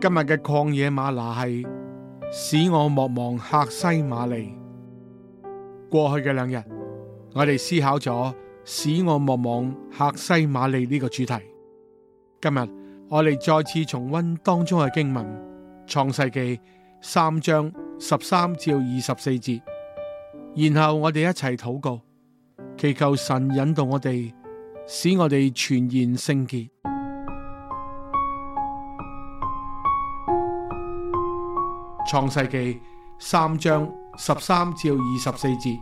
今日嘅曠野嗎哪係使我莫忘客西馬尼。過去嘅兩日，我哋思考咗使我莫忘客西馬尼呢個主題。今日我哋再次重溫當中嘅經文《創世紀》三章十三至二十四節，然後我哋一齊禱告，祈求神引導我哋，使我哋全然聖潔。創世紀三章十三至二十四節，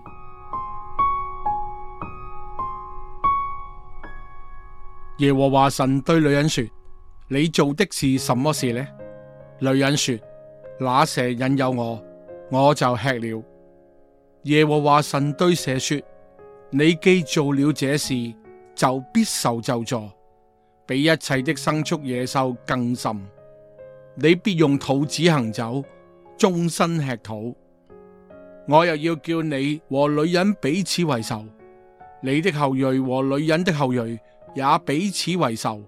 耶和華神對女人說：你做的是什麼事呢？女人說：那蛇引誘我，我就吃了。耶和華神對蛇說：你既做了這事，就必受咒詛，比一切的牲畜野獸更甚。你必用肚子行走。終身吃土，我又要叫你和女人彼此為仇，你的後裔和女人的後裔也彼此為仇。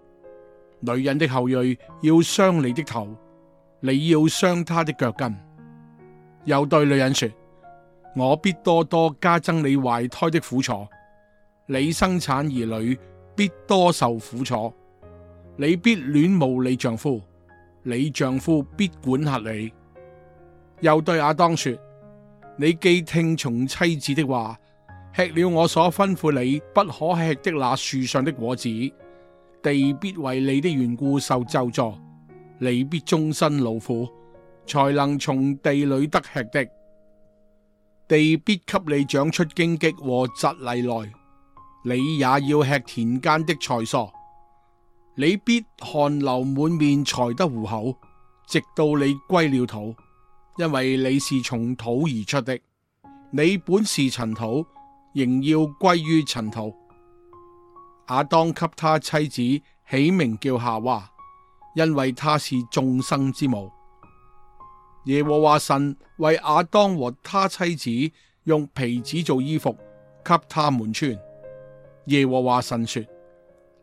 女人的後裔要傷你的頭，你要傷她的腳跟。又對女人說：我必多多加增你懷胎的苦楚，你生產兒女必多受苦楚，你必戀慕你丈夫，你丈夫必管轄你。又對亞當說：你既聽從妻子的話，吃了我所吩咐你不可吃的那樹上的果子，地必為你的緣故受咒詛。你必終身勞苦，才能從地裏得吃的。地必給你長出荊棘和蒺藜來，你也要吃田間的菜蔬。你必汗流滿面才得糊口，直到你歸了土。因為你是從土而出的，你本是塵土，仍要歸於塵土。亞當給他妻子起名叫夏娃，因為他是眾生之母。耶和華神為亞當和他妻子用皮子做衣服給他們穿。耶和華神說：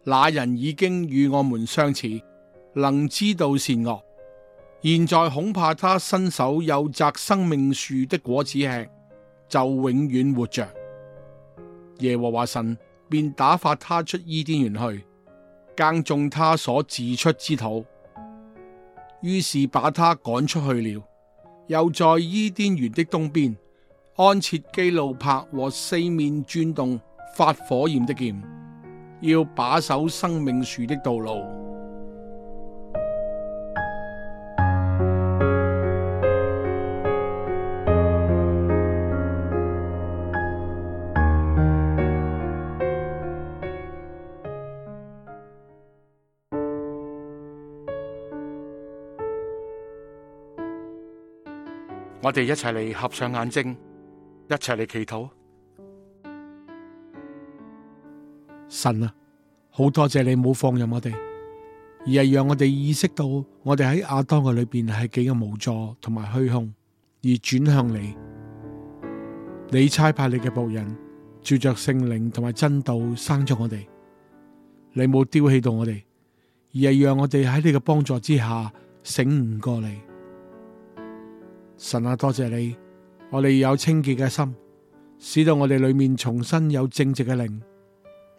那人已經與我們相似，能知道善惡。現在恐怕他伸手又摘生命樹的果子吃，就永遠活着。耶和華神便打發他出伊甸園去，耕種他所自出之土。於是把他趕出去了。又在伊甸園的東邊安設基路伯和四面轉動發火焰的劍，要把守生命樹的道路。我哋一齊嚟合上眼睛，一齊嚟祈禱。神啊，好多謝你冇放任我哋，而係讓我哋意識到我哋喺亞當嘅裏邊係幾咁無助同埋虛空，而轉向你。你差派你嘅僕人照着聖靈同埋真道生咗我哋，你冇丟棄到我哋，而係讓我哋喺你嘅幫助之下醒悟過嚟。神啊，多謝你，我哋有清潔嘅心，使到我哋裏面重新有正直嘅靈。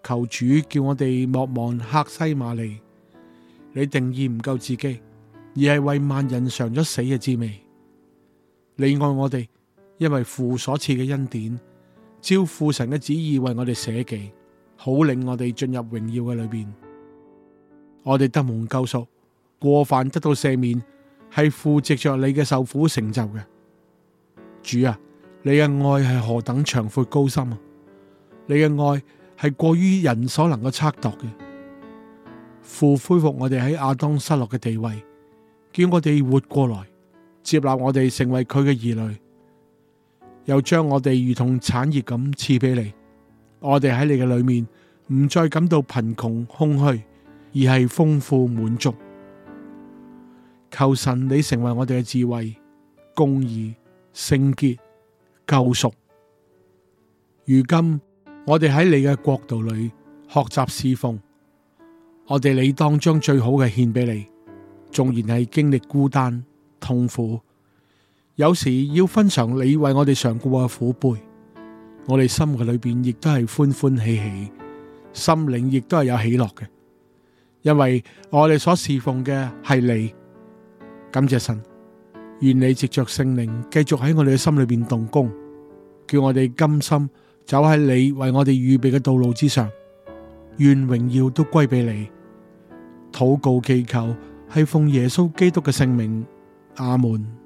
求主叫我哋莫忘客西瑪尼。你定義唔夠自己，而係為萬人嘗咗死嘅滋味。你愛我哋，因為父所賜嘅恩典，照父神嘅旨意為我哋捨己，好令我哋進入榮耀嘅裏邊。我哋得蒙救贖，過犯得到赦免。係父藉著你嘅受苦成就嘅。主啊，你嘅愛係何等長闊高深啊！你嘅愛係過於人所能夠測度嘅。父恢復我哋喺亞當失落嘅地位，叫我哋活過來接納我哋成為佢嘅兒女，又將我哋如同產業咁賜俾你。我哋喺你嘅裏面，唔再感到貧窮空虛，而係豐富滿足。求神，你成為我哋嘅智慧、公義、聖潔、救贖。如今我哋喺你嘅國度裏學習侍奉，我哋理當將最好嘅獻俾你。縱然係經歷孤單、痛苦，有時要分嘗你為我哋嘗過嘅苦杯，我哋心裏邊亦都係歡歡喜喜，心靈亦都係有喜樂嘅，因為我哋所侍奉嘅係你。感謝神，願你藉着聖靈繼續喺我哋嘅心裏面動工，叫我哋甘心走喺你為我哋預備嘅道路之上，願榮耀都歸俾你。禱告祈求係奉耶穌基督嘅聖名，阿門。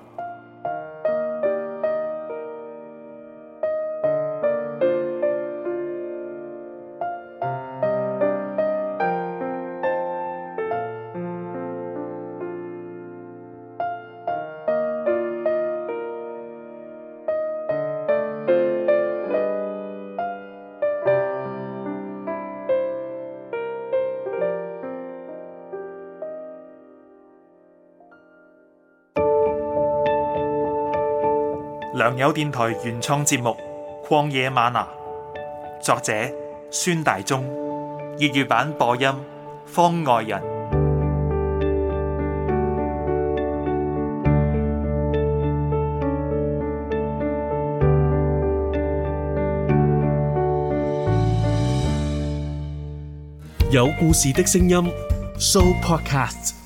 良友電台原創節目《曠野嗎哪》，作者孫大中，粵語版播音方外人，有故事的聲音，So Podcasts。